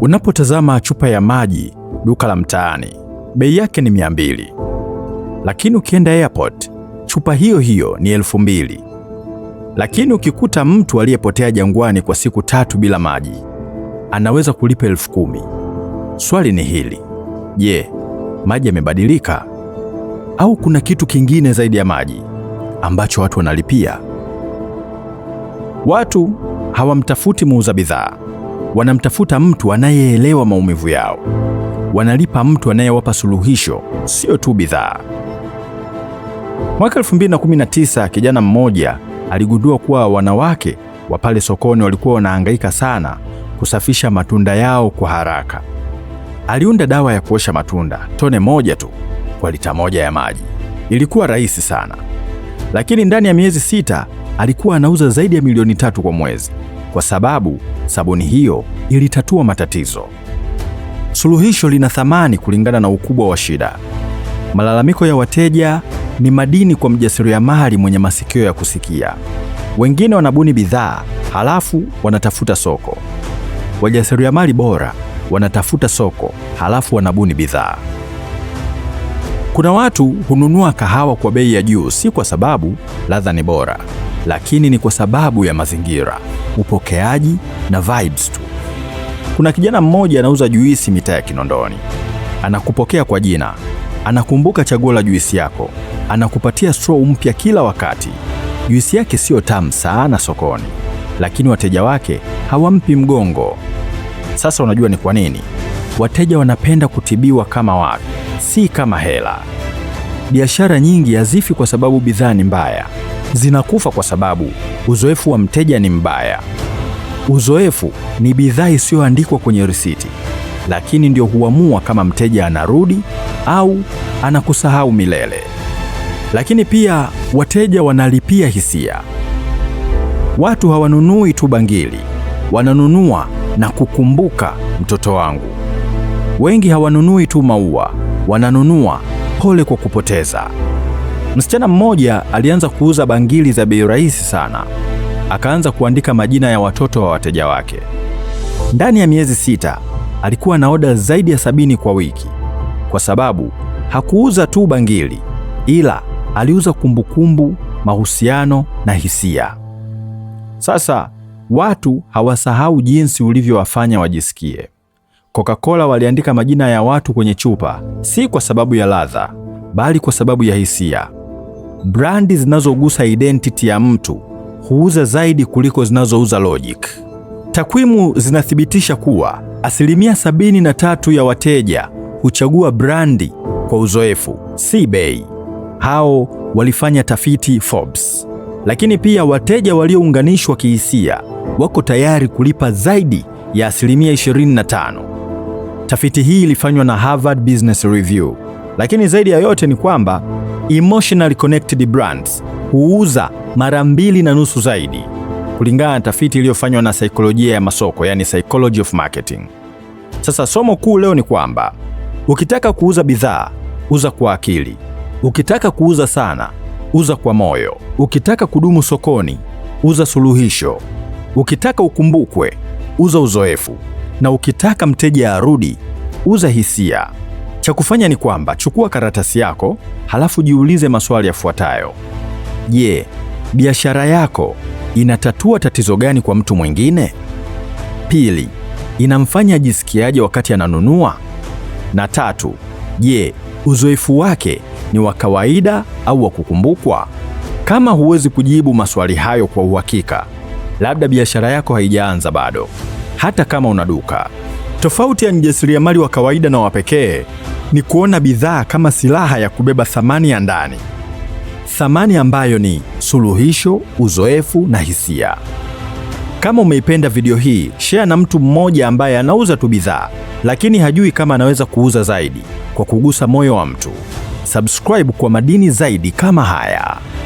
Unapotazama chupa ya maji duka la mtaani, bei yake ni mia mbili, lakini ukienda airport chupa hiyo hiyo ni elfu mbili. Lakini ukikuta mtu aliyepotea jangwani kwa siku tatu bila maji anaweza kulipa elfu kumi. Swali ni hili, je, maji yamebadilika au kuna kitu kingine zaidi ya maji ambacho watu wanalipia? Watu hawamtafuti muuza bidhaa, Wanamtafuta mtu anayeelewa maumivu yao, wanalipa mtu anayewapa suluhisho, sio tu bidhaa. Mwaka 2019 kijana mmoja aligundua kuwa wanawake wa pale sokoni walikuwa wanahangaika sana kusafisha matunda yao kwa haraka. Aliunda dawa ya kuosha matunda, tone moja tu kwa lita moja ya maji. Ilikuwa rahisi sana, lakini ndani ya miezi sita alikuwa anauza zaidi ya milioni tatu kwa mwezi kwa sababu sabuni hiyo ilitatua matatizo. Suluhisho lina thamani kulingana na ukubwa wa shida. Malalamiko ya wateja ni madini kwa mjasiriamali mwenye masikio ya kusikia. Wengine wanabuni bidhaa halafu wanatafuta soko. Wajasiriamali bora wanatafuta soko halafu wanabuni bidhaa. Kuna watu hununua kahawa kwa bei ya juu si kwa sababu ladha ni bora, lakini ni kwa sababu ya mazingira, upokeaji na vibes tu. Kuna kijana mmoja anauza juisi mitaa ya Kinondoni, anakupokea kwa jina, anakumbuka chaguo la juisi yako, anakupatia straw mpya kila wakati. Juisi yake siyo tamu sana sokoni, lakini wateja wake hawampi mgongo. Sasa unajua ni kwa nini? Wateja wanapenda kutibiwa kama watu, si kama hela. Biashara nyingi hazifi kwa sababu bidhaa ni mbaya, zinakufa kwa sababu uzoefu wa mteja ni mbaya. Uzoefu ni bidhaa isiyoandikwa kwenye risiti, lakini ndio huamua kama mteja anarudi au anakusahau milele. Lakini pia wateja wanalipia hisia. Watu hawanunui tu bangili, wananunua na kukumbuka mtoto wangu. Wengi hawanunui tu maua, wananunua pole kwa kupoteza. Msichana mmoja alianza kuuza bangili za bei rahisi sana, akaanza kuandika majina ya watoto wa wateja wake. Ndani ya miezi sita alikuwa na oda zaidi ya sabini kwa wiki, kwa sababu hakuuza tu bangili, ila aliuza kumbukumbu, mahusiano na hisia. Sasa watu hawasahau jinsi ulivyowafanya wajisikie. Coca-Cola waliandika majina ya watu kwenye chupa, si kwa sababu ya ladha, bali kwa sababu ya hisia brandi zinazogusa identity ya mtu huuza zaidi kuliko zinazouza logic. Takwimu zinathibitisha kuwa asilimia sabini na tatu ya wateja huchagua brandi kwa uzoefu, si bei. Hao walifanya tafiti Forbes. Lakini pia wateja waliounganishwa kihisia wako tayari kulipa zaidi ya asilimia 25. Tafiti hii ilifanywa na Harvard Business Review. Lakini zaidi ya yote ni kwamba Emotionally connected brands huuza mara mbili na nusu zaidi kulingana na tafiti iliyofanywa na saikolojia ya masoko, yani psychology of marketing. Sasa somo kuu leo ni kwamba ukitaka kuuza bidhaa, uza kwa akili. Ukitaka kuuza sana, uza kwa moyo. Ukitaka kudumu sokoni, uza suluhisho. Ukitaka ukumbukwe, uza uzoefu, na ukitaka mteja arudi, uza hisia. Cha kufanya ni kwamba chukua karatasi yako, halafu jiulize maswali yafuatayo. Je, biashara yako inatatua tatizo gani kwa mtu mwingine? Pili, inamfanya ajisikiaje wakati ananunua? Na tatu, je, uzoefu wake ni wa kawaida au wa kukumbukwa? Kama huwezi kujibu maswali hayo kwa uhakika, labda biashara yako haijaanza bado, hata kama una duka. Tofauti ya mjasiriamali wa kawaida na wa pekee ni kuona bidhaa kama silaha ya kubeba thamani ya ndani, thamani ambayo ni suluhisho, uzoefu na hisia. Kama umeipenda video hii, share na mtu mmoja ambaye anauza tu bidhaa lakini hajui kama anaweza kuuza zaidi kwa kugusa moyo wa mtu. Subscribe kwa madini zaidi kama haya.